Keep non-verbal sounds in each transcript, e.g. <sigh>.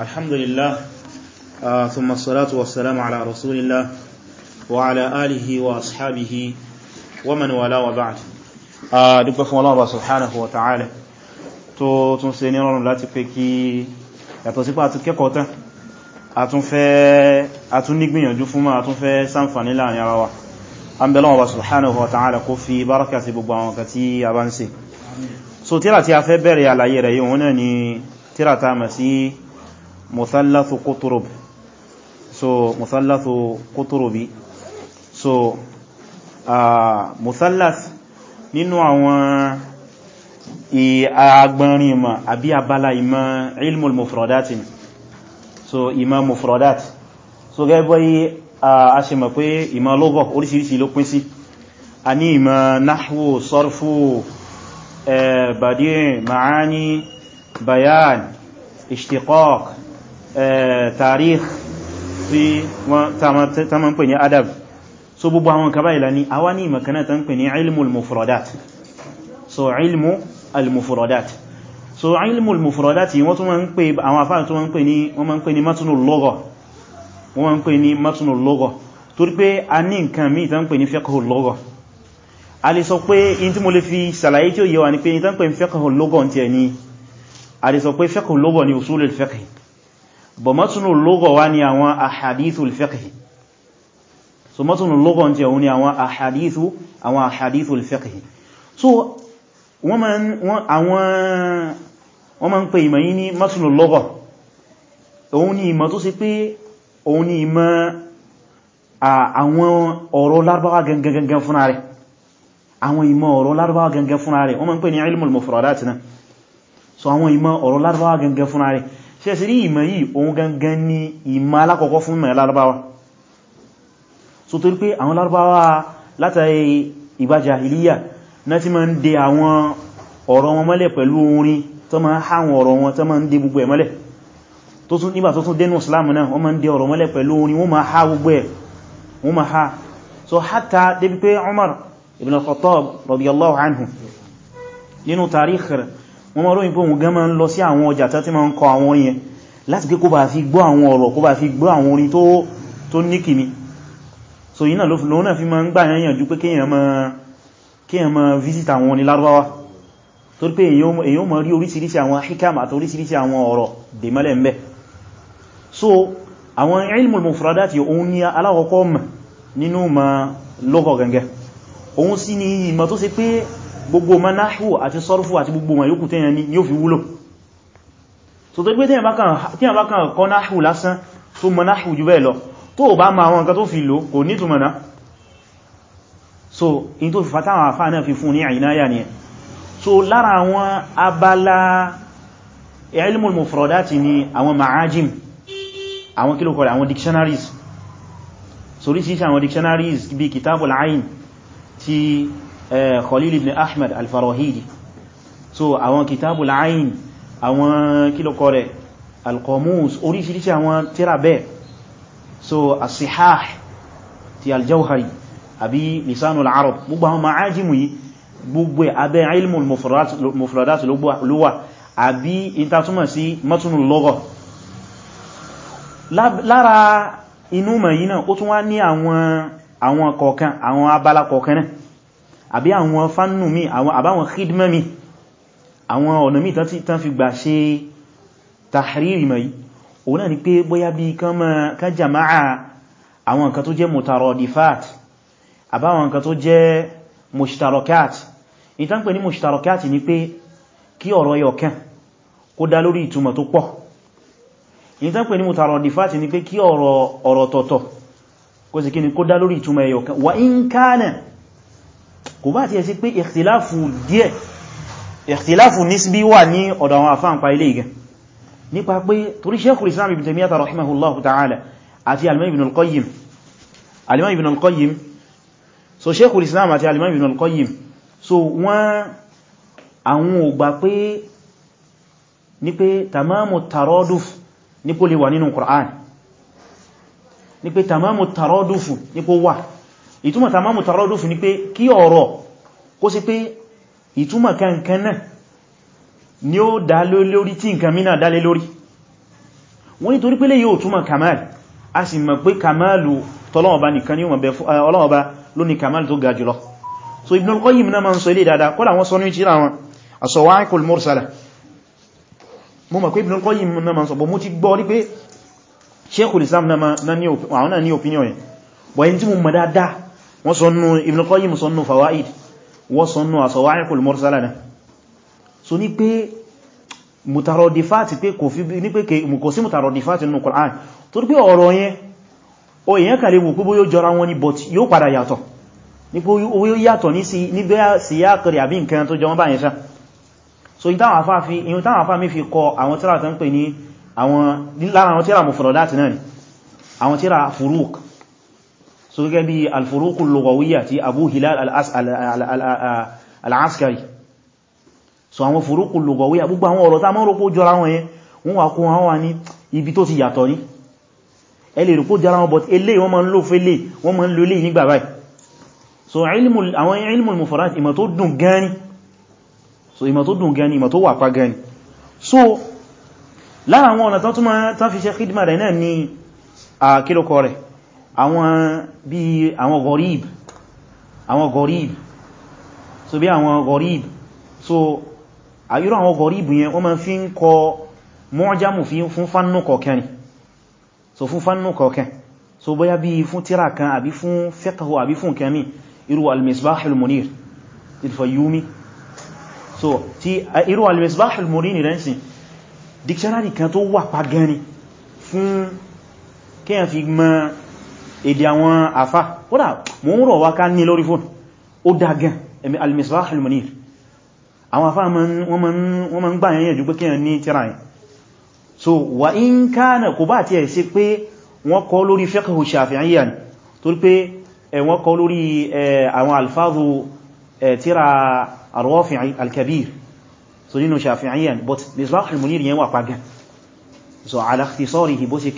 الحمد لله آه ثم الصلاة والسلام على رسول الله وعلى آله وأصحابه ومن ولا وبعد آه دبكم الله سبحانه وتعالى tó tún ṣe ní rọrùn láti pé kí yàtọ̀ sípá àti kẹ́kọ̀ọ́ tán a tún nígbìyànjú fún ma a tún fẹ́ ṣàǹfààní láàrin ara wa an bẹ̀lọ́n ọba subhanahu wa ta'ala kó fi báraka sí gbogbo àwọn kàtí a bá ń ṣe so tíra tí a fẹ́ bẹ̀rẹ̀ àlàyé rẹ̀ yíò wọ́n náà ni tíra ta mọ̀ sí muthallathu quturub so muthallathu quturubi so uh, muthallath nínú àwọn agbọ́nrin ìmọ̀ àbí abala ìmọ̀ ilmul mufrodat ni so ìmọ̀ mufrodat so gẹ́gbọ́ yí a ṣe mọ̀ pé ìmọ̀ lọ́gọ̀ oríṣiríṣi ló pín sí a ní ìmọ̀ nahwu sarfu eh, badi ma'ani bayan ishtiqaq Eh, tarikh tí ta ma ń pè ní adab so gbogbo àwọn kaba ìlà ni a wá ní ìmọ̀kaná ta ń pè ní ilmu al-mufradat so ilmu al-mufradat so ilmu al-mufradat wọ́n tún ma ń pè àwọn afáà tún ma ń pè ní wọ́n ma ń pè ní matunul lugha wọ́n ma ń pè ní matunul lugha torí pé a ní nǹkan míì ta ń pè ní fiqhul lugha a lè sọ pé in tí mo lè fi sàlàyé tí ó yẹ ni pé in ta pè ní fiqhul lugha ti ẹ̀ a lè sọ pé fiqhul lugha ni usulul fiqh bọ̀ mọ́túnù lógọ̀ wá ní àwọn ahadithul fiqhi so mọ́túnù lógọ̀ tí àwọn ní àwọn ahadithu àwọn ahadithul fiqhi so wọ́n ma ń pè ìmọ̀ yí ní mọ́túnù lógọ̀ òun ni ìmọ̀ tó sì pé òun ni ìmọ̀ àwọn ọ̀rọ̀ lárúbáwá gangan fúnra rẹ̀ àwọn ìmọ̀ ọ̀rọ̀ lárúbáwá gangan fúnra rẹ̀ wọ́n ma ń pè ní ilmul mufradat náà so àwọn ìmọ̀ ọ̀rọ̀ lárúbáwá gangan fúnra rẹ̀ ṣe sí rí ìmọ̀ yìí ohun gangan ni ìmọ̀ alákọ̀ọ́kọ́ fún ìmọ̀ lárúbáwá so torí pé àwọn lárúbáwá látàrí ìgbà jahiliya náà ti máa ń de àwọn ọ̀rọ̀ wọn mọ́lẹ̀ pẹ̀lú orin tó máa ń há àwọn ọ̀rọ̀ wọn tó máa ń de gbogbo ẹ̀ mọ́lẹ̀ tó tún nígbà tó tún dénú islam náà wọ́n máa ń de ọ̀rọ̀ mọ́lẹ̀ pẹ̀lú orin wọ́n máa há gbogbo ẹ̀ wọ́n máa há so hatta débi pé Umar ibn al-Khattab radiyallahu anhu nínú tarikh rẹ̀ wọ́n mọ́ ròyìn pé òun gan máa ń lọ sí àwọn ọjà tán tí máa ń kọ àwọn orin yẹn láti pé kó bá fi gbọ́ àwọn ọ̀rọ̀ kó bá fi gbọ́ àwọn orin tó níkìní so yìí náà lófin lóun náà fi máa ń gbà yànjú pé kéèyàn máa visit àwọn orin lárúbáwá torí pé èyàn mọ̀ rí oríṣiríṣi àwọn hikam àti oríṣiríṣi àwọn ọ̀rọ̀ dèmọ́lẹ̀ ń bẹ so àwọn ilmul mufradati òun ni alákọ̀ọ́kọ́ mọ̀ nínú ma lọ́gọ̀ gẹ̀gẹ̀ òun sì ni ìmọ̀ tó ṣe pé gbogbo manahu náhù àti sọ́rọ̀fù àti gbogbo ma yóò tẹ́yàn ní yóò fi wúlò so tó gbé tẹ́yàn bá kàn kọ́ náhù lásán tó mọ̀ náhù jù bẹ́ẹ̀ lọ tó bá ma àwọn nǹkan tó fi lò kò ní túnmọ̀ so in tó fi fatáwọn àfáà náà fi fún ní so lára àwọn abala ilmul mufrodati ni àwọn ma'ajim àwọn kílòkọ̀rẹ̀ àwọn dictionaries so orísìíṣẹ́ àwọn dictionaries bí kitabul ain ti Khalil ibn Ahmad al-Farahidi so àwọn kitabul ayn àwọn kílọ̀kọ́ rẹ̀ al-Qamus oríṣiríṣi àwọn tírà bẹ́ẹ̀ so as-Sihah ti al-Jawhari àbí Lisanul Arab gbogbo àwọn ma'ajimu yìí gbogbo abẹ́ ilmul mufradat ló wà àbí ìtàtúmọ̀ sí matnul lugha lára inú mọ̀ yìí náà ó tún wá ní àwọn kọ̀ọ̀kan àwọn abala kọ̀ọ̀kan náà àbí àwọn fánù mi àbáwọn khidma mi àwọn ọ̀nà mi tán fi gbà ṣe tahriri mọ̀ yìí òun náà ni pé bóyá bí kán jama'a àwọn nǹkan tó jẹ́ mutaradifat àbáwọn nǹkan tó jẹ́ mushtarakat ìtàn pè ní mushtarakat ni pé kí ọ̀rọ̀ yọ̀kan kó dá lórí ìtumọ̀ tó pọ̀ ìtàn pè ní mutaradifat ni pé kí ọ̀rọ̀ tọ̀tọ̀ wa in kò bá ti ẹ̀ sí pé ìkhtiláfù díẹ̀ ìkhtiláfù nisbi wà ní ọ̀dọ̀ àwọn àfáà nípa ilé ìgẹn nípa pé torí Shaykhul Islam ibn Taymiyyah rahimahullahu ta'ala àti Al-Imam Ibn Al-Qayyim Al-Imam Ibn Al-Qayyim so Shaykhul Islam àti Al-Imam Ibn Al-Qayyim so wọ́n àwọn ò pé ní pé tamamu taroduf ní kó lè wà nínú Qur'an ní pé tamamu taroduf ní kó wà ìtumọ̀ tamamu taroduf ni pé kí ọ̀rọ̀ kó sí pé ìtumọ̀ kankan náà ni ó dá lórí tí nǹkan mìíràn dálé lórí wọ́n ni torí pé lè yóò túmọ̀ kamal a sì mọ̀ pé kamalu tọ́lọ́ọ̀bá nìkan ni ó mọ̀ bẹ̀ fún eh, ọlọ́ọ̀bá ló ní kamal tó ga jùlọ so Ibn al-Qayyim náà ma ń sọ ilé dáadáa kọ́lá wọ́n sọ ní ìtìrà wọn as-Sawa'iqul wọ́n sọ́nú Ibn Qayyim sọ́nú fawaid wọ́n sọ́nú as-Sawa'iqul Mursala náà pe ní pe mutarodifati pé kò fi ní pé kò sí mutarodifati nínú Qur'an tó rí pé ọ̀rọ̀ yẹn o èyàn kàlẹ̀ wù púpọ̀ yóò jọra wọn ni but yóò padà yàtọ̀ ní pé owó yóò yàtọ̀ ní sí ní bẹ́ sí yàtọ̀rẹ̀ àbí nǹkan tó jọ wọ́n báyìí sá so ìyún táwọn afá mi fi kọ àwọn tíra tó ń pè ní àwọn lára àwọn tíra mufradati náà ni àwọn tíra furuq so gẹ́gẹ́ bí al-furuq al-lughawiyya ti abu hilal al-askari so àwọn furuq al-lughawiyya gbogbo àwọn ọ̀rọ̀ tá mọ́ rọ̀pọ̀ jọra wọn yẹn wọ́n wà kún wọn wà ní ibi tó ti yàtọ̀ ní ẹlẹ́ rọ̀pọ̀ jọra wọn but elé wọ́n ma ń lò fẹ́lẹ̀ wọ́n ma ń lò lè nígbà báyìí so àwọn ilmul mufarat ìmọ̀ tó dùn gan àwọn bí àwọn gọ̀ríb àwọn gọ̀ríb so bí àwọn gọ̀ríb so àyúrò àwọn gọ̀ríb yẹn wọ́n ma fi ń kọ mọ́jámù fún fánú kọ̀kẹ́ ni so fún fánú kọ̀kẹ́ so bóyá bí fún tíra kan àbí fún fiqhu àbí fún kẹmí irú al-misbahul munir al-fayyumi so ti irú al èdè àwọn àfá kódà mo ń rọ̀ wá ká ní lórí fún ó dá gan ẹ̀mí al-Misbah al àwọn àfá wọ́n ma ń gbà yẹn jù pé kíyàn ní tíra so wà in kana kò bá ti ẹ̀ sí pé wọ́n kọ lórí fiqh Shafi'iyya ni torí so nínú but Misbah al-Munir yẹn so ala ikhtisarihi bó ṣe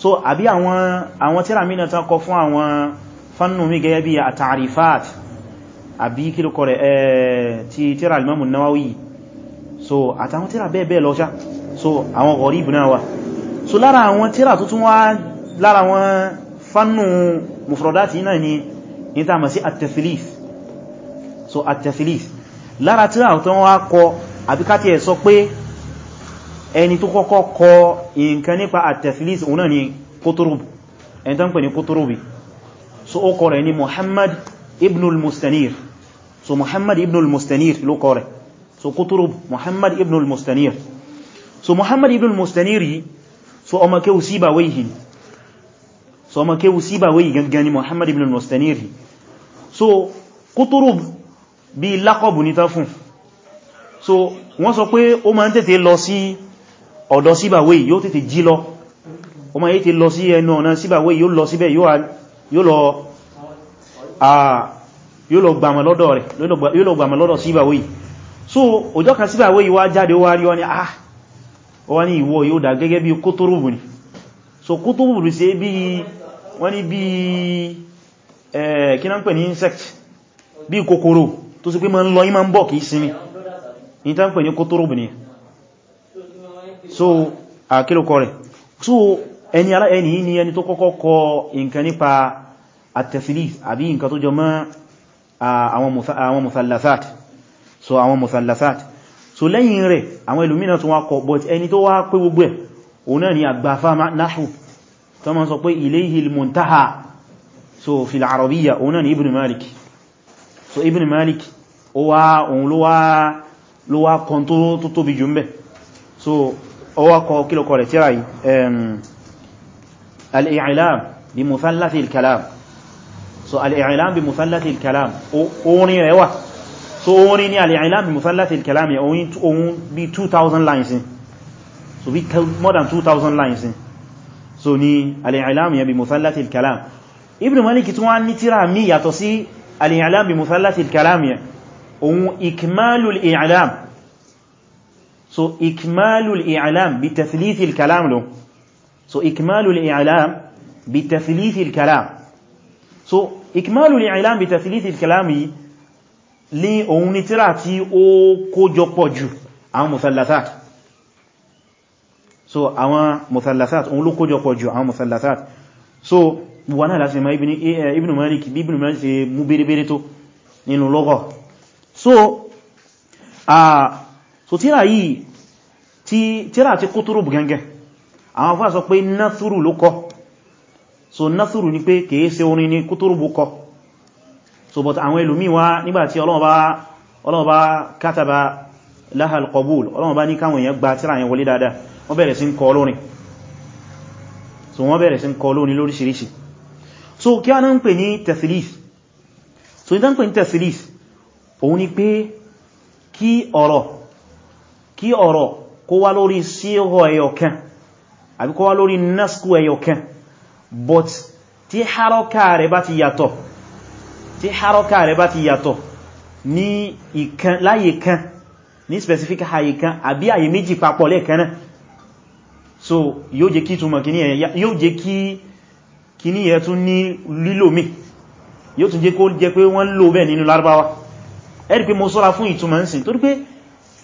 so àbí àwọn àwọn tíra mìíràn tán kọ fún àwọn fannu mi gẹ́gẹ́ bí àtàrífàt àbí kílùkọ rẹ̀ ẹ̀ tí tíra alimamu nawawi so àtàwọn tíra bẹ́ẹ̀ bẹ́ẹ̀ lọ́ṣá so àwọn gọ̀ríbù náà wà so lára àwọn tíra tó tún wá lára àwọn fannu mufrodati náà ni so at-tathlith lára tíra tó wá kọ àbíkátí ẹni tó kọ́kọ́ kọ nǹkan nípa at-tathlis òun náà ni Qutrub ẹni tó ń pè ní Qutrubi so ó kọ rẹ̀ ni Muhammad ibn al-Mustanir so Muhammad ibn al-Mustanir ló kọ rẹ̀ so Qutrub Muhammad ibn al-Mustanir so Muhammad ibn al-Mustanir yìí so ọmọ kéwù Sibawayhi so ọmọ kéwù Sibawayhi gangan ni Muhammad ibn al-Mustanir yìí so Qutrub bí lákọ̀bù ní tán fún so wọ́n sọ pé ó máa ń tètè lọ sí ọ̀dọ̀ síbàwé yóò tètè jí lọ ọmọ yìí ti lọ sí ẹnu ọ̀nà síbàwé yóò lọ síbẹ̀ yóò lọ gbàmọ̀ lọ́dọ̀ rẹ̀ yóò lọ gbàmọ̀ lọ́dọ̀ síbàwé so ọjọ́ kan síbàwé yìí wá jáde wá rí wọ́n ni ah wọ́n ni ìwọ yóò dà gẹ́gẹ́ bí kótórùbù ni so kótórùbù ni ṣe bí wọ́n ni bí ẹ̀ kí náà ń pè ní insect bí kòkòrò tó sì pé ma ń lọ yí ma ń bọ̀ kìí sinmi ní tán pè ní ni so àkílùkọ rẹ̀ so ẹni alá ẹni ni ẹni tó kọ́kọ́ kọ nǹkan nípa at-tathlith àbí nǹkan tó jọ mọ́ àwọn muthallathat so àwọn muthallathat so lẹ́yìn rẹ̀ àwọn ìlúmínà tó wá kọ but ẹni tó wá pé gbogbo ẹ̀ ma sọ pé ilayhi al-muntaha so fil arabiyya òun náà ni so ibn malik ó wá òun ló wá so ọwọ́ kọ kílọ̀kọ̀ rẹ̀ tíra al-i'lam bi muthallathi al-kalam so al-i'lam bi muthallathi al-kalam orin rẹ̀ wà so orin ni al-i'lam bi muthallathi al-kalam yẹ bí 2000 lines in so bí more than 2000 lines in so ni al-i'lam yẹ bi muthallathi al ibn malik tún wá ní tíra mi yàtọ̀ sí al-i'lam bi muthallathi al-kalam so ikmalul i'lam bi tathlithil kalam lo so ikmalul i'lam bi tathlithil kalam so ikmalul i'lam bi tathlithil kalam yìí lé òun ni tíra tí ó kójọpọ̀ jù àwọn muthallathat so àwọn muthallathat òun ló kójọpọ̀ jù àwọn muthallathat so wọ́n náà láti ma eh, eh, ibn malik bí ibn malik ṣe mú bèrèbèrè tó nínú lọ́gọ̀ so a ah, so tíra yìí tí tíra ti kútùrùbù gẹ́gẹ́ àwọn afọ́ sọ pé náthúrù ló kọ so náthúrù ni pé kìí ṣe orin ni kútùrùbù kọ so but àwọn ẹlòmí wá nígbàtí Ọlọ́run bá kátàbà lahal qabul Ọlọ́run bá ní káwọn èèyàn gba tíra yẹn so wọ́n bẹ̀rẹ̀ sí ń kọ so kí a ń so ní tẹ́ ń pè ní tẹ̀sílìs òun ni kó wá lórí síhọ ẹyọkan àbí kó wá lórí nasku ẹyọkan but tí haraka rẹ̀ bá ti yàtọ̀ tí haraka rẹ̀ bá ti yàtọ̀ ní ìkan láyé kan ní specific àyè kan àbí àyè méjì papọ̀ lẹ́ẹ̀kan so yóò jẹ́ kí túnmọ̀ kìní ẹ̀ yóò jẹ́ kí kìní ẹ̀ tún ní lílò mi yóò tún jẹ́ kó jẹ́ pé wọ́n lò bẹ́ẹ̀ nínú lárúbáwá ẹ pé mo sọ́ra fún ìtumọ̀ ń sìn torí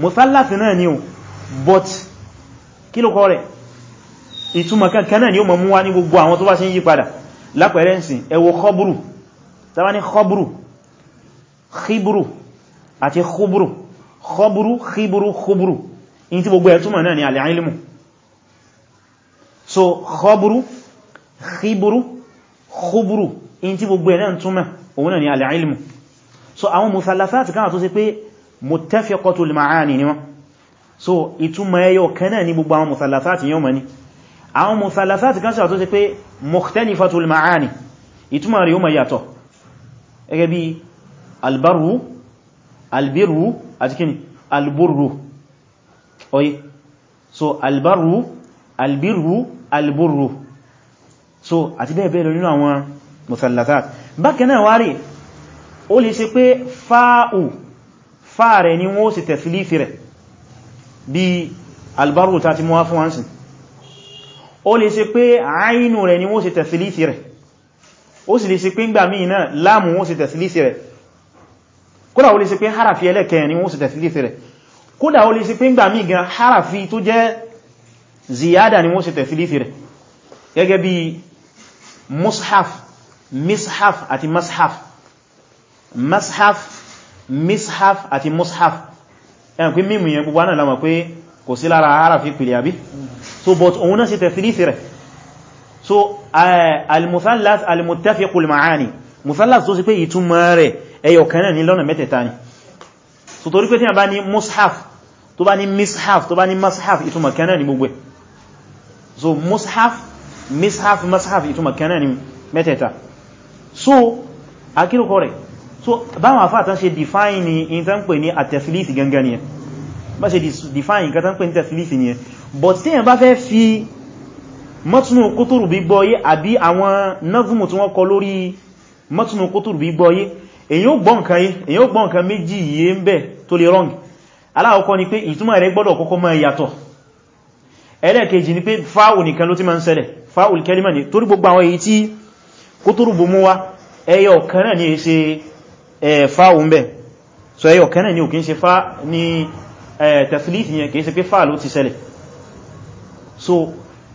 mùsálàsì náà ni o but kí ló kọ́ rẹ̀ ìtumọ̀ kankan náà ni o mọ̀ mú wá ní gbogbo àwọn tó bá ṣe ń yí padà lápẹẹrẹ ń sìn ẹ wo kọbùrù tàbá ní kọbùrù khiburu àti khuburu kọbùrù khiburu khuburu in ti gbogbo ẹ̀ náà ni al-ilmu so kọbùrù khiburu khuburu in ti gbogbo ẹ̀ náà túmọ̀ òun náà ni al-ilmu so àwọn mùsálàsì àti káwọn tó ṣe pé muttafiqatul ma'ani ni so ìtumọ̀ ẹyọ kan náà ní gbogbo àwọn muthalafati yóò mọ̀ ní àwọn muthalafati kan sàtọ́ sí pé mukhtalifatul ma'ani ìtumọ̀ rẹ̀ yóò mọ̀ yàtọ̀ gẹ́gẹ́ bí albaru albirru àti kíni alburru oye so albaru albirru alburru so àti bẹ́ẹ̀ bẹ́ẹ̀ lọ nínú àwọn muthalafati bákan náà wárí ó lè ṣe fa'u fààrẹ ni wọ́n sì tẹ̀fìlífì rẹ̀ bí albaru ta ti mọ́ fún wánsìn ó lè ṣe pé àínú rẹ̀ ni wọ́n sì tẹ̀fìlífì rẹ̀ ó sì lè ṣe pé ngbà míì náà láàmù wọ́n sì tẹ̀fìlífì rẹ̀ kódà ó lè ṣe pé harafi ẹlẹ́kẹ̀ẹ́ ni wọ́n sì tẹ̀fìlífì rẹ̀ gẹ́gẹ́ bí mushaf mishaf àti mashaf mashaf mishaf àti mushaf ẹn pé mímú yẹn gbogbo náà lámọ̀ pé kò sí lára harafi pìlẹ̀ àbí so but òun náà sí tẹ̀fìlìsì rẹ̀ so eh, al-muthallas al-muttafiqul ma'ani muthallas tó sì pé ìtumọ̀ rẹ̀ ẹyọ kan náà ní lọ́nà mẹ́tẹ̀ta ni so torí pé tí a bá ní mushaf tó bá ní mishaf tó bá ní mashaf ìtumọ̀ kan ni gbogbo so mushaf mishaf mashaf ìtumọ̀ kan náà ni mẹ́tẹ̀ta so akírùkọ rẹ̀ so báwọn afá tán ṣe define in tán pè ní àtẹ̀fìlìsì gangan ni bá ṣe define nǹkan tán pè ní tẹ̀fìlìsì ni but tí yẹn bá fẹ́ fi mọ́túnù kútùrù bí gbọ́yé àbí àwọn náfùmù tí wọ́n kọ lórí mọ́túnù kútùrù bí gbọ́yé èyàn ó gbọ́ nǹkan méjì yìí ń bẹ tó lè wrong aláwọ̀kọ́ ni pé ìtumọ̀ rẹ̀ gbọ́dọ̀ kọ́kọ́ máa yàtọ̀ ẹlẹ́ẹ̀kejì ni pé fáwù nìkan ló ti máa ń ṣẹlẹ̀ fáwù kẹlímà ní torí gbogbo àwọn èyí tí kútùrù bù mú wa ẹyọ kan náà Eh, fáwọ́ mẹ́ so ẹyọ kẹ́nà ní òkín ṣe fá ní eh, tẹ̀fìlìtì yẹn kìí ṣe pé fáà ló ti ṣẹlẹ̀ so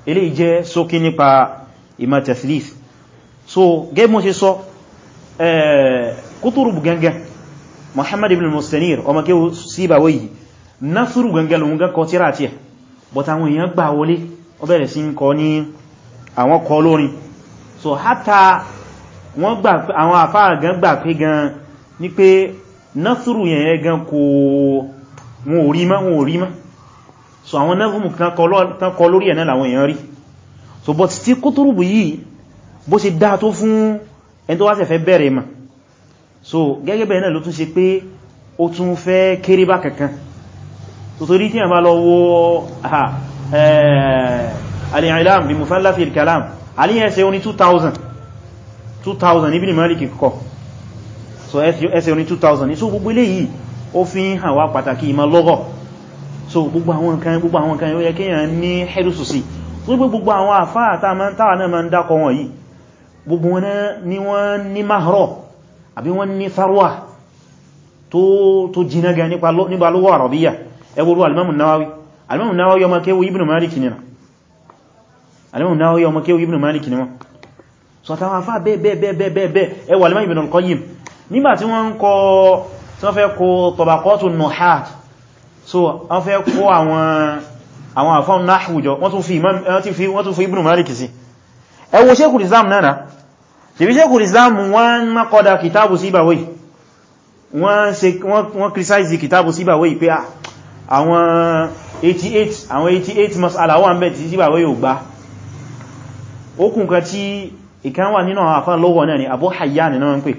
ilé jẹ́ sókí nípa ìmọ̀ tẹ̀fìlìtì so gẹ́ mo ṣe sọ eh, kútùrùbù gangan Muhammad ibn Mustanir ọmọ kí o síbà wáyìí násùrù gangan lòun gan kọ tíra àti ẹ̀ so hátà wọ́n gbà àwọn ní pé násùrù yẹn gan kò wọn ò rí mọ́ wọn ò rí mọ́ so àwọn nẹ́fùmù kan kọ lórí ẹ̀nà làwọn èèyàn rí so but tí kútùrùbù yìí bó ṣe dá tó fún ẹni tó wá ṣẹ̀fẹ́ bẹ̀rẹ̀ mà so gẹ́gẹ́ bẹ̀rẹ̀ náà ló tún ṣe pé ó tún fẹ́ kéré bá kankan so torí tí a bá lọ wo eh, al-i'lam bi mufallafi al-kalam aliyẹsẹ oní 2000 2000 ibn Malik kọ so ẹsẹ̀ oní 2000 ní so gbogbo ilé yìí ó fi ń hàn wá pàtàkì ìmọ̀ lọ́gọ̀ so gbogbo àwọn nǹkan gbogbo àwọn nǹkan ó yẹ kéèyàn ní hẹ́rùsù sí gbogbo gbogbo àwọn àfáà táwa náà ma ń dákọ wọn yìí gbogbo wọn ni wọ́n ní mahrọ̀ àbí wọ́n ní sarwa tó jiná gan nípa lọ́wọ́ àrọ̀bíyà ẹgbòrò alimamu nawawi alimamu nawawi ọmọ kéwú ibn malik ni alimamu so àtàwọn àfáà bẹ́ẹ̀ bẹ́ẹ̀ bẹ́ẹ̀ ẹwà alimamu ibn al nígbà tí wọ́n ń kọ tí wọ́n fẹ́ kọ tọbakọ́tù nuhat so wọ́n fẹ́ kọ àwọn àfọ́n náhùjọ wọ́n tún fi ibn malik sí ẹ wo Sheikhul Islam náà tìbí Sheikhul Islam wọ́n mọ́kọ́dá kìtàbù sí ìbàwẹ́ wọ́n criticize kìtàbù sí ìbàwẹ́ pé ah, àwọn 88 àwọn 88 mas'ala wà ń bẹ̀ tí sí ìbàwẹ́ yóò gbá okùn kan tí ìkan wà nínú àwọn àfán lọ́wọ́ náà ni Abu Hayyan náà ń pè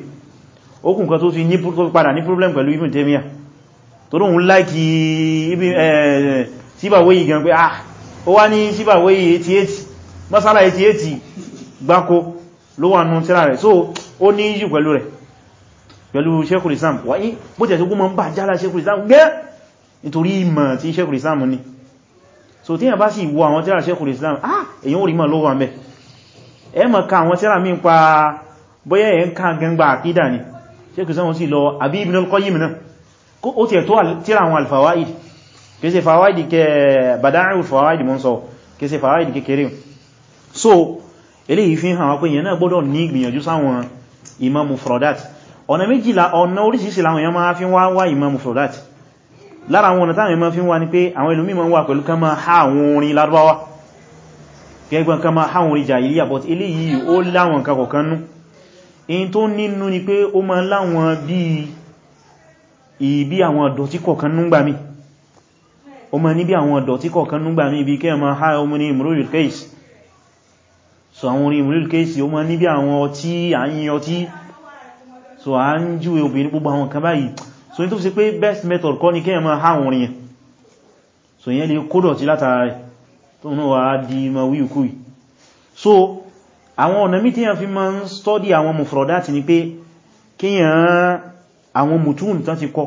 okùn kan tó fi ní padà ní problem pẹ̀lú Ibn Taymiyyah tó lóhun láìkì síbàwéyì gan pé ah ó wá ní síbàwéyì 88 masala 88 gbáko ló wà nù tíra rẹ̀ so ó ní yíjù pẹ̀lú rẹ̀ pẹ̀lú Sheikhul Islam wáyí bó jẹ̀ tó gúnmọ́ ń bà jálá Sheikhul Islam gẹ́ nítorí ìmọ̀ tí Sheikhul so tí yàn bá sì wo ah èyàn orí mọ̀ lọ́wọ́ àmẹ́ ẹ mọ̀ ka àwọn tíra mi ń pa bóyá gẹngbà àkídà ni sheikh zan wọ́n sì lọ àbí ibn al-qayyim náà kó ó tiẹ̀ tó tíra àwọn alfawaid kìí ṣe so eléyìí fi hàn pé èèyàn náà gbọ́dọ̀ ní ìgbìyànjú sáwọn ìmọ̀ mufrodat ọ̀nà méjìlá ọ̀nà oríṣiríṣi làwọn èèyàn máa fi wá wá ìmọ̀ mufrodat lára àwọn ọ̀nà táwọn èèyàn máa fi wá ní pé àwọn ìlú mímọ̀ wà pẹ̀lú kan máa há àwọn orin lárúbáwá gẹ́gbọ́n kan máa há orin jàìríyà in tó nínú ni pé ó ma láwọn bi, i bí àwọn ọ̀dọ̀tí kọ̀ọ̀kan núgbà mi ó ma ní bí àwọn ọ̀dọ̀tí kọ̀ọ̀kan núgbà mi bí kẹ́ ma ha ọmọ ní Imrul Qais so àwọn imru Imrul Qais ó ma ní bí àwọn ọtí àyín ọtí so anju ń júwe obìnrin gbogbo àwọn kan báyìí so ní tó fi ṣe best method kọ́ ni kẹ́ ma ha àwọn orin so ìyẹn lè kódọ̀tí látara rẹ̀ tó náà wà di ma wíwíkúwì so àwọn ọ̀nà mí tí yàn fi máa ń stọ́dí àwọn mufrodati ni pé kíyàn àwọn mutun tán ti kọ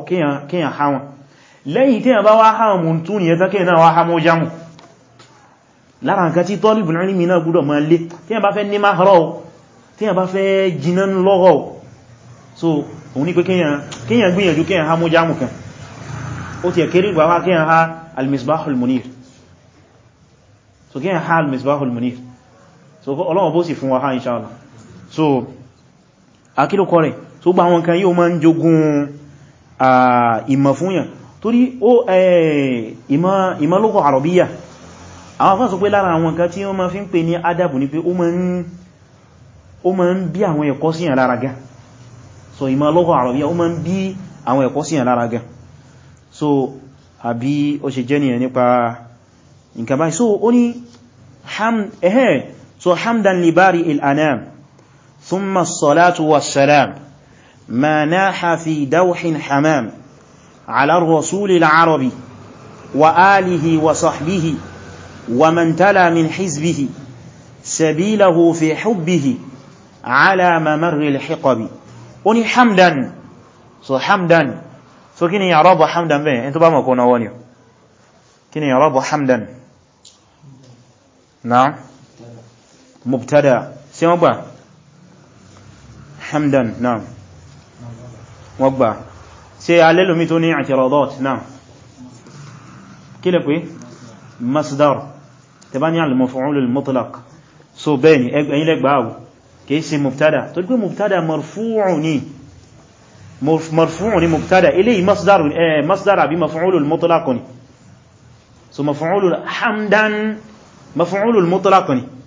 kíyàn ha wọn lẹ́yìn tí yàn bá wá ha wọn mutun yẹn tán kíyàn náà wá ha mọ́ jámù lára nǹkan tí tọ́lìbùn ilmi náà gbọ́dọ̀ máa lé tí yàn bá fẹ́ so òun ni pé kíyàn gbìyànjú kíyàn ha mọ́ jámù kan ó ti ẹ̀kẹ́rí ha al munir so kíyàn ha misbahul munir so Ọlọ́run bó sì fún wa ha inṣáàlá so akílùkọ́ rẹ̀ so gba àwọn kan yíò máa ń jogun ìmọ̀ fúnyàn torí ó ìmọ̀ lókọ̀ àrọ̀bíyà àwọn afẹ́ sọ pé lára àwọn kan tí wọ́n máa fi ń pè ní adab ní pé ó máa so ìmọ̀ lókọ̀ àrọ̀bíyà ó máa ń bí àwọn ẹ̀kọ́ so àbí ó ṣe jẹ́ nípa nǹkan báyìí so ó ní ham ẹ̀hẹ́ so hamdan li bari al-anam thumma as-salatu was-salam ma naha fi dawhin hamam ala ar-rasul al-arabi wa alihi wa sahbihi wa man tala min hizbihi sabilahu fi hubbihi ala mamarri al-hiqabi oni hamdan so hamdan so kini ya rabu hamdan be en tó bá mọ̀ ko na woni kini ya rabu hamdan na'am mubtada sí wọ́n gbà hamdan naam wọ́n gbà sí alẹ́lùmí tó ní i'tiradot naam kí lè pé masdar tẹbá ní al-maf'ulul mutlaq so bẹ́ẹ̀ni ẹgbẹ̀yìn lẹ́gbàáwò kìí ṣe mubtada tó gbé mubtada marfu'u ni marfu'u ni mubtada eléyìí masdar eh masdar àbí maf'ulul mutlaq ni so maf'ulul hamdan maf'ulul mutlaq ni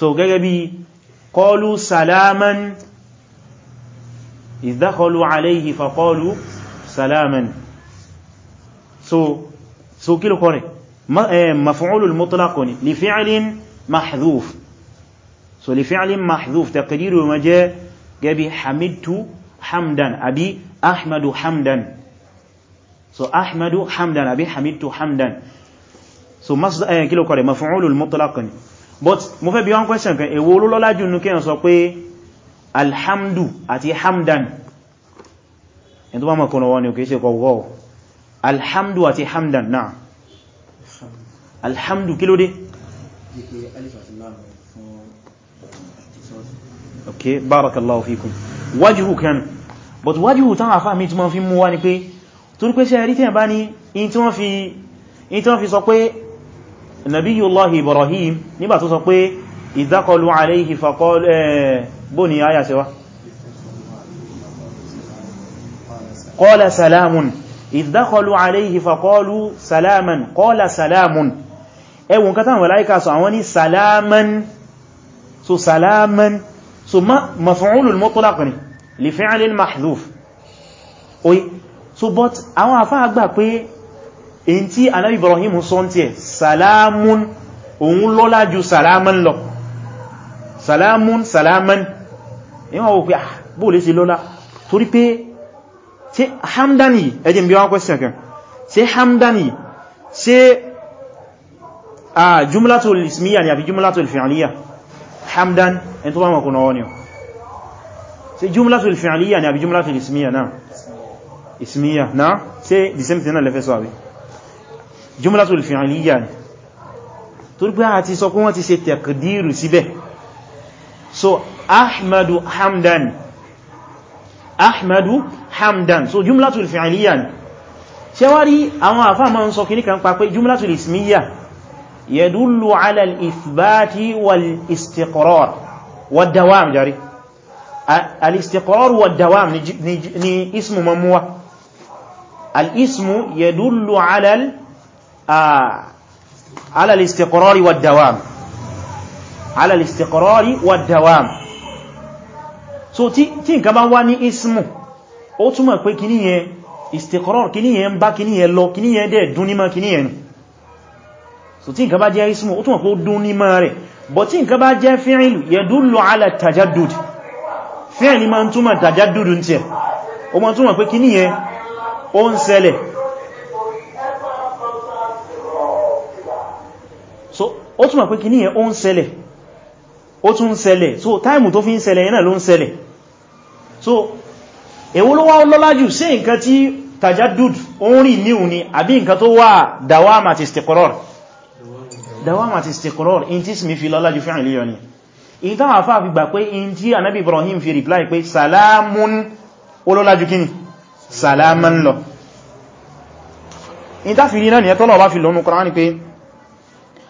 so gẹ́gẹ́ bí qalu salaman izdakhalu alayhi fa qalu salaman so so kí ló kọ́ rẹ̀ eh, maf'ulul mutlaq ni li fi'lin mahdhuf so li fi'lin mahdhuf taqdiru ma jẹ́ gẹ́bí hamidtu hamdan àbí ahmadu hamdan so ahmadu hamdan àbí hamidtu hamdan so eh, kí ló rẹ̀ maf'ulul mutlaq ni but mo fẹ́ bi one question kan èwo ló lọ́lá jù nínú sọ pé alhamdu àti hamdan ẹni tó bá mọ̀kànlọ wọn ni ò kìí ṣe kọ wọ́ alhamdu àti hamdan náà alhamdu kí ló dé ok barakallahu fikum wájúhù kan but wájúhù tán àfá mi tí wọ́n fi mú wá ni pé torípé ṣe rí tí wọ́n bá ní fi sọ nabiyullahi ibrahim nígbà tó sọ pé idhaqalu alayhi faqalu bó ní ayà ṣe wá qala salamun idhaqalu alayhi faqalu salaman qala salamun ẹwùn kátà mọ̀láíkà sọ àwọn ní salaman so salaman so maf'ulul mutlaq ni li fi'lil mahdhuf oye èyí tí anábì Ibrahim sọ ń tí ẹ̀ salamun òun lọ́lá ju salaman lọ salamun salaman níwọ̀n wọ́n pé ah, bóòlé sí lọ́lá torí pé tí hamdani ẹjìn bí wọ́n kwẹ́sìn kan tí hamdani tí a jumlatul ismiya ni àbí jumlatul fi'liya hamdan ẹni tó bá mọ̀kún náà ni ṣe jumlatul fi'liya ni àbí jumlatul ismiya náà ismiya náà ṣe the same thing náà lẹ́fẹ́ sọ àbí jumlatul fi'liya ni torí pé àti sọ pé wọ́n ti ṣe tẹ̀kìdìrù síbẹ̀ so ahmadu hamdan ahmadu hamdan so jumlatul fi'liya ni ṣe wá rí àwọn àfá ma ń sọ kìní kan pa pé jumlatul ismiya yadullu ala al-ithbati wal istiqrar wad dawam jari al-istiqrar wad dawam ni ismu mamuwa al-ismu yadullu ala al على الاستقرار والدوام على الاستقرار والدوام so tí nǹkan bá wà ní ismu ó túmọ̀ pé kíní yẹn istiqrar kíní yẹn ń bá kíní yẹn lọ kíní yẹn dẹ̀ dún nímọ̀ kíní yẹn so tí nǹkan bá jẹ́ ismu ó túmọ̀ pé ó dún nímọ̀ rẹ̀ bọ̀ tí nǹkan bá jẹ́ fi'lu yadullu ala tajaddud fi'li ma ń tajaddud ń tẹ̀ ó ma túmọ̀ pé kíní yẹn ó ń ó túnmọ̀ pé kìíní yẹn ó ń ṣẹlẹ̀ ó tún ń so táìmù tó fi ń ṣẹlẹ̀ yẹn ló ń ṣẹlẹ̀ so èwo ló wá lọ́lá jù ṣé nǹkan tí tajaddud ó ń ni àbí nǹkan tó wà dawam àti istiqrar dawam in tí smi fi lọ́lá jù fíhàn líyọ ni in táwọn afá fi gbà Ibrahim fi reply salamun olóla jù kíni salaman lọ in tá fi rí náà ni ẹ̀tọ́lọ̀ bá fi lọ́nu Kùránì pé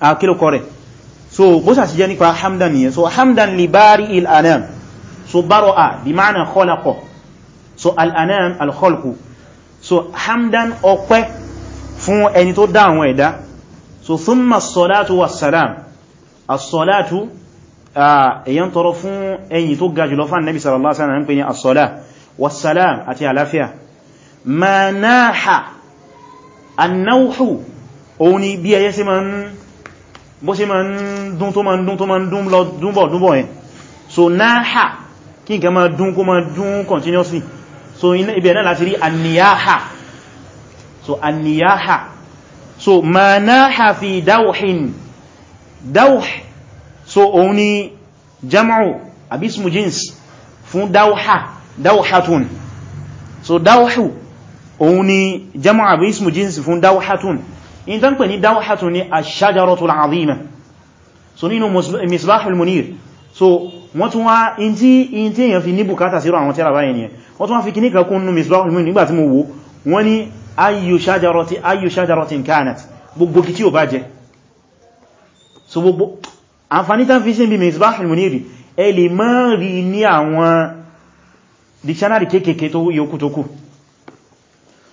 akílùkọ ah, rẹ̀ so bó sà sí jẹ́ nípa hamdan nìyẹn so hamdan li bari il anam so baro a bí ma'ana khalaqo so al anam al khalqu so hamdan ọpẹ́ fún ẹni tó dá àwọn ẹ̀dá so thumma as-salatu was-salam as-salatu èyàn tọrọ fún ẹ̀yìn tó ga jùlọ fún Nabi sallallahu alaihi wasallam ń pè ní as-salah àti àlàáfíà ma náà ha annáhù òun ni bí ẹyẹ sí ma ń bó ṣe ma ń dún tó ma ń dún tó ma ń dún lọ dúnbọ̀ yẹn so náà kí n kẹ ma dún kó ma dún continuously so ibẹ̀ náà láti rí anniyaha so anniyaha so ma náà fi dáwọ̀hìn so òun ni jam'u abismu jins fún dáwọ̀há dáwọ̀hátún so dáwọ̀hù òun ni jam'u abismu jins fún dáwọ̀hátún in tán pè ní dáwàtù ní ash-shajaratul azima so nínú misbahul munir so wọ́n tún wá in tí èyàn fi ní bùkátà sírò àwọn tẹ́ra báyìí ni wọ́n tún wá fi kíníkà kún nínú misbahul munir nígbàtí mo wo wọ́n ní ayyu shajarati ayyu shajaratin kanat gbogbo kí tí ó bá jẹ so gbogbo àǹfàní tán fi sí bí misbahul munir ẹ lè mọ́ rí ní àwọn dictionary kéèkéé tó yókù tó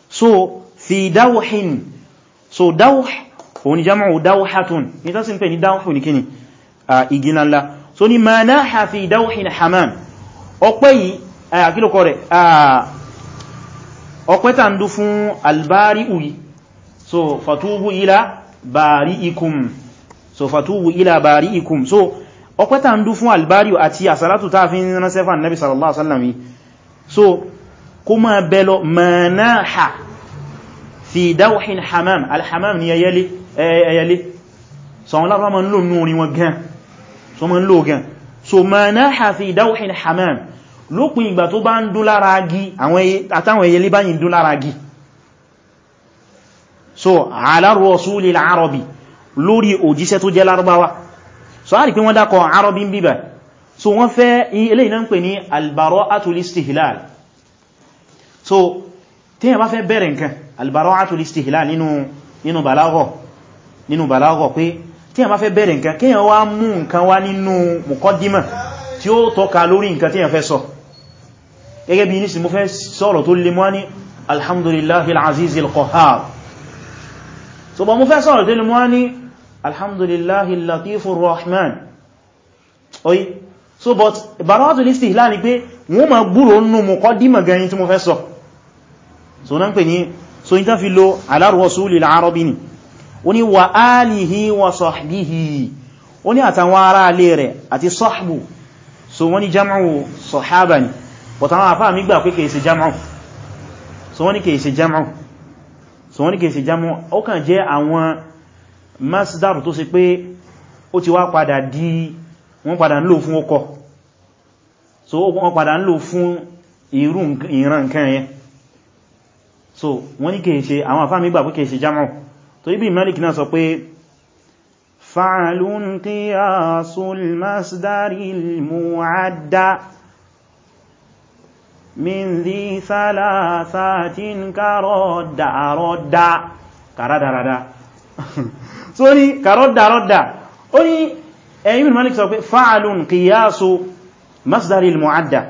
so fi dáwọ̀hìn so dawh òun jam'u dawhatun ní tó sì ń pè ní dawhu ní kíni ìgínà ńlá so ni ma náà fi dawhin haman ọpẹ́ yìí àkílùkọ rẹ̀ ọpẹ́ tàn dú fún albari uyi so fatubu ila bari'ikum so fatubu ila bari'ikum so ọpẹ́ tàn dú fún albari àti àsàlátù ta fi ránṣẹ́ fún annabi sallallahu alaihi wasallam so kuma belo manaha fi dawhin hamam alhamam ni ayele ayele so wọ́n lára ma ń lò ní orin wọn gan so ma ń lò gan so ma náà fi dawhin hamam lópin ìgbà tó bá ń dún lára agi àtàwọn ayele bá yìí dún lára agi so ala rasuli al-arabi lórí òjíṣẹ́ tó jẹ́ lárúbáwá so a rí wọ́n bá fẹ́ bẹ̀rẹ̀ nǹkan albara'atul istihlal nínú nínú balagha nínú balagha pé tí a bá fẹ́ bẹ̀rẹ̀ nǹkan kéèyàn wá mú nǹkan wá nínú muqaddima tí ó tọ́ka lórí nǹkan tí a fẹ́ sọ gẹ́gẹ́ bí ní sí mo fẹ́ sọ̀rọ̀ tó lè mọ́ ní alhamdulillahil azizil qahhar so ba mo fẹ́ sọ̀rọ̀ tó lè mọ́ ní alhamdulillahil latifur rahman so but bara'atul istihlal ni pé wọ́n ma gbúrò nínú muqaddima gan tí mo fẹ́ sọ so náà pè ní so yí tán fi lo alárùwọ́súlì láàrọ́bí ni ó ní wà áàlìhí wà sọ̀hbíhì ó ní àtàwọn ará alé rẹ̀ àti sọ́hbù so wọ́n ní jam'u sọ̀hábà ni pọ̀tàwọn àfáà mi gbà pé kèé ṣe jam'u so wọ́n ní kèé ṣe jam'u so wọ́n ní kèé padà ń lò fún ìran nǹkan yẹn so wọ́n ní kèèṣe àwọn àfáàmì gbà pé kèèṣe jam'u tó ibi Malik náà sọ pé fa'alun qiyasul masdaril mu'adda min dhi thalathatin karodda rodda karadarada <laughs> so ní karodda rodda ó ní ẹ̀yìn Malik sọ pé fa'alun qiyasul masdaril mu'adda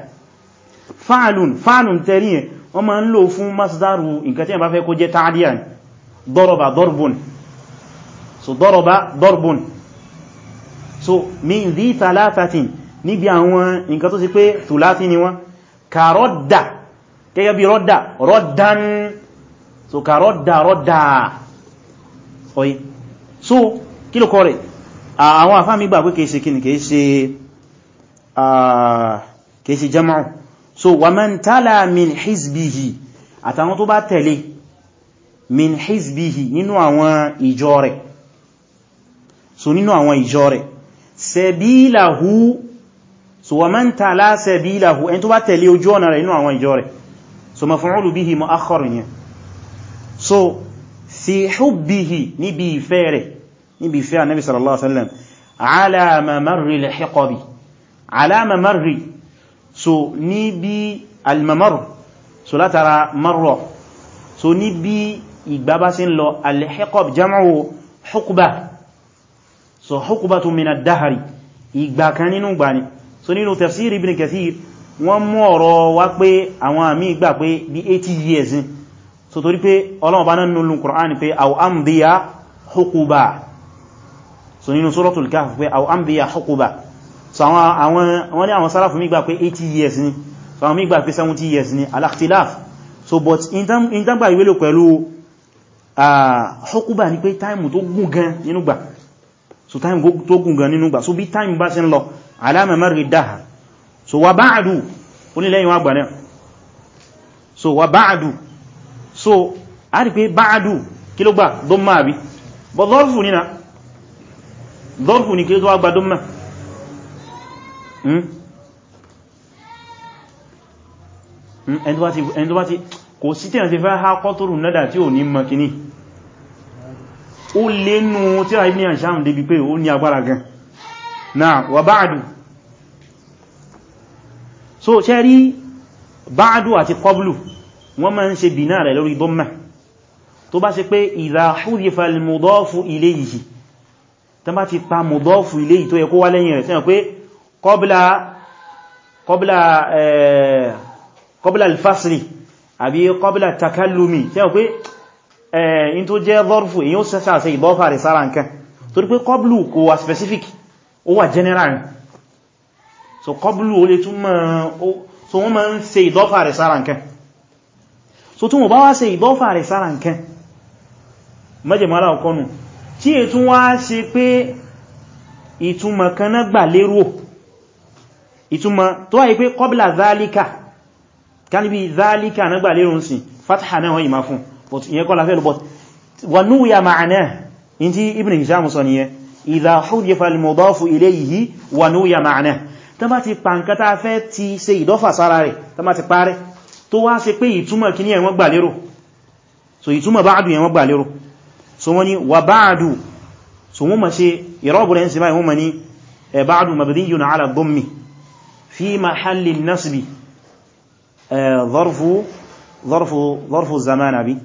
fa'alun fa'alun tẹ́ríyẹn wọ́n ma ń lò fún masdaru nǹkan tí wọ́n bá fẹ́ kó jẹ́ ta'adíyà ni dọ́rọba dọ́rbùn so dọ́rọba dọ́rbùn so min zi talatatin níbi àwọn nǹkan tó sì pé tùlátí ni wọ́n ka rọ́dà gẹ́gẹ́ bí rọ́dà rọ́dán so ka rọ́dà rọ́dà oye so kí ló kọ́ rẹ̀ àwọn àfáà gbà pé kèèsè kìnnì kèèsè jama'u so wa man tala min hizbihi àtàwọn tó bá tẹ̀lé min hizbihi nínú àwọn ìjọ rẹ̀ so nínú àwọn ìjọ rẹ̀ sẹ̀bílahu so wa man tala sẹ̀bílahu ẹni tó bá tẹ̀lé ojú ọ̀nà rẹ̀ nínú àwọn ìjọ rẹ̀ so maf'ulu bihi mu'akhkhar yẹn so fi hubbihi níbi ìfẹ́ rẹ̀ níbi ìfẹ́ Ànábì sallallahu alaihi wasallam ala mamarri so ní bí almamaru so látara marro so ní bí ìgbà bá sí ń lọ alhiqab jam'u hukba so hukba tún mina dahari ìgbà kan nínú gbà ni so nínú tafsir ibn kathir wọ́n mú ọ̀rọ̀ wá pé àwọn àmì ìgbà pé bí 80 years in so torí pé Ọlọ́run náà nínú Qur'an pé aw amdiya hukba so nínú suratul kahf pé aw amdiya hukba so àwọn wọ́n ní àwọn sálàfù mígbà pé 80 years ni so àwọn mígbà pé 70 years ni al-ikhtilaf so but in tán gbà ìwélò pẹ̀lú hukuba ni pé time tó gùn gan nínú gbà so time tó gùn gan so bí time bá ṣe ń lọ alama marri daha so wa ba'du onílẹ́yìn wa gbà náà so wa so a rí pé ba'du kí ló gbà dọ́mà àbí bọ́ dọ́rfù nínà dọ́rfù Hmm? Hmm? ẹni tó bá ti kò sí tí a ti fẹ́ ha kọ́tùrù nádà tí ò ní makini ó lénú tí a ibn Hisham débi pé ó ní agbára gan náà wà ba'du so ṣe rí ba'du àti qablu wọ́n máa ń ṣe bìnà rẹ̀ lórí dhamma tó bá ṣe pé idha hudifa al-mudafu ilayhi tán bá ti pa mudafu ilayhi tó yẹ kó wá lẹ́yìn rẹ̀ qabla qabla eh qabla al-fasli àbí qabla takallumi ṣé pé eh in tó jẹ́ dharfu in yo se sa se idofa re sára nǹkan torí pé qablu kò wà specific ó wà general so qablu ó lè tún ma so wọ́n máa ń ṣe idofa re sára nǹkan so tún mo bá wá ṣe idofa re sára nǹkan meje mara okonu tí ẹ wá ṣe pé ìtumọ̀ kan náà gbà lérò ìtumọ̀ tó wáyé pé kọbílà zálíkà kanibi zálíkà nígbà lérùn sí fataha náà wọ́n yìí máa fún but ìyẹn kọ́ lafẹ́ lọ́bọ̀ wà núwìyà ma'ana in ti ibn hisham sọ niyẹ idha hudifa al-mudafu ilayhi wà núwìyà ma'ana tó bá ti pàǹkátá ní ẹ̀wọ́n gbà lérò so ìtumọ̀ báàdù ẹ̀wọ́n gbà so wọ́n ni so wọ́n ma ṣe ìrọ́bùrẹ̀ ń se báyìí wọ́n ma mabdiyun ala dhammi في محل النصب ظرف ظرف ظرف الزمان بي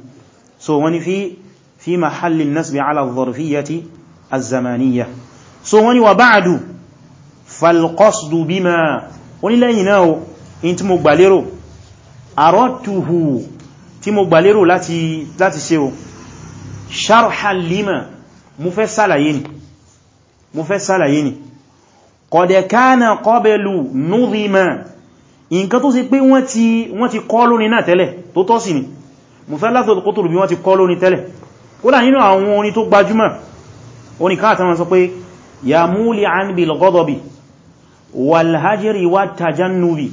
so wani fi fi mahallin nasbi ala zarfiyyati az-zamaniyya so wani wa ba'du fal qasdu bima wani lẹ́yìn náà in tí mo gbàlérò aratuhu tí mo gbàlérò láti láti ṣe o sharhan lima mo fẹ́ ṣàlàyé ni mo fẹ́ ṣàlàyé ni kọ̀dẹ̀kánà kọbẹ̀lù núdìmá nǹkan tó sì pé wọ́n ti kọ́ lórí náà tẹ́lẹ̀ tó tọ́ sí ni mùsálásọ̀ tó tóòrò bí wọ́n ti kọ́ lórí tẹ́lẹ̀ kódà nínú àwọn orin tó gbajúmọ̀ orin káàtà wọn sọ pé ya múlì an bil ghadabi wal hajri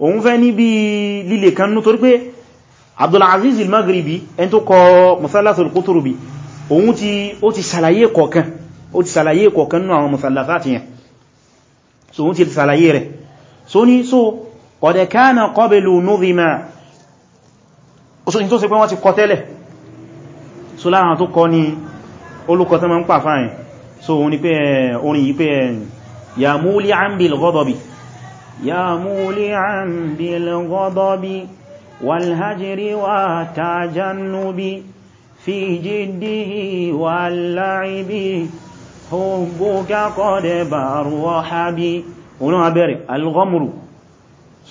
òun fẹ́ ní bí lílè kan nú torí pé Abdulaziz al-Maghribi ẹni tó kọ musallasul Qutubi òun ti ó ti ṣàlàyé kọ̀ọ̀kan ó ti ṣàlàyé kọ̀ọ̀kan nú àwọn musallasat yẹn so òun ti ṣàlàyé rẹ̀ so ní so qad kana qablu nudhima so ní tó ṣe pé wọ́n ti kọ tẹ́lẹ̀ so lára tó kọ ní olùkọ́ tán ma ń pàfáyìn so òun ni pé eh, orin yìí pé eh, ya muli'an bil يا مولعا بالغضب والهجر والتجنب في جده واللعب حبك قد بروح بي ona abere al-ghamru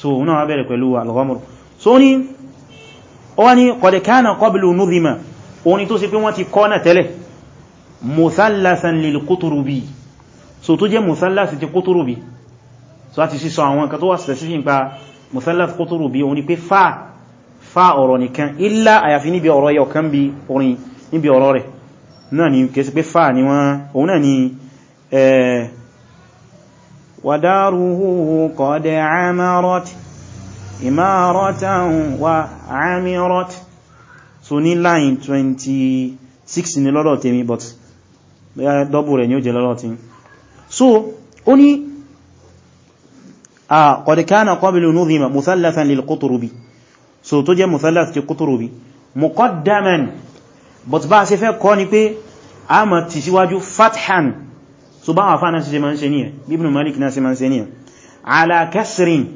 so ona abere pẹ̀lú al-ghamru so ni ó ní qad kana qablu nudhima ó ní tó ṣe pé wọ́n ti kona tẹ́lẹ̀ muthallasan lil quturubi so tó jẹ́ muthallasi ti quturubi so láti sísọ àwọn nǹkan tó wà specific pa muthalath kútùrù bí oní pé fa fa ọ̀rọ̀ nìkan illa àyàfi níbi ọ̀rọ̀ yẹ ọ̀kan bí orin níbi ọ̀rọ̀ rẹ̀ náà ni kẹsí pé fa ni wọ́n òun náà ni wadaruhu qad amarat imaratan wa amirat so ní line 26 ni lọ́dọ̀ tèmi but double rẹ̀ ni ó jẹ lọ́dọ̀ tí so ó a ah, qad kana qablu nudhima muthallathan lil Qutrubi so tó jẹ́ muthallath ti Qutrubi muqaddaman but bá ṣe fẹ́ kọ́ ni pé a ma ti síwájú fathan so bá wà fánà sí se ma ń se ní ẹ̀ Ibn Malik na se ma ń se ní ẹ̀ ala kasrin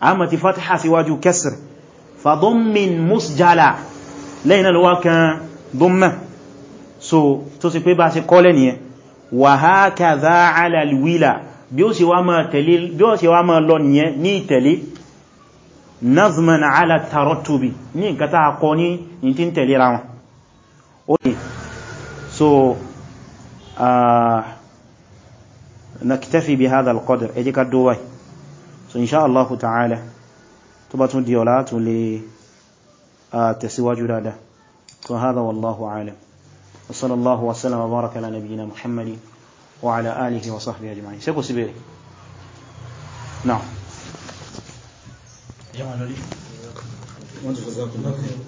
a ma ti fatha síwájú kasr fa dhammin musjala lẹ́yìn alwa kan dhamma so tó sì pé bá ṣe kọ́ lẹ́niyẹ wa hakadha ala alwila bí ó sì wá máa lọ nìyẹn ní ìtẹ̀lé nazman ala tarotubi ní nǹkan tá a kọ ní ìtí ń tẹ̀lé ra wọn ó ní so naktafi bi hadha alqadr ẹ ká dó so insha Allah ta'ala tó bá tún di ọ̀la tún lè tẹ̀síwájú dáadáa so hadha wallahu a'lam wa sallallahu wa sallam wa baraka ala nabiyyina muhammadin وعلى آله وصحبه أجمعين سيكون سبيري نعم جمع لي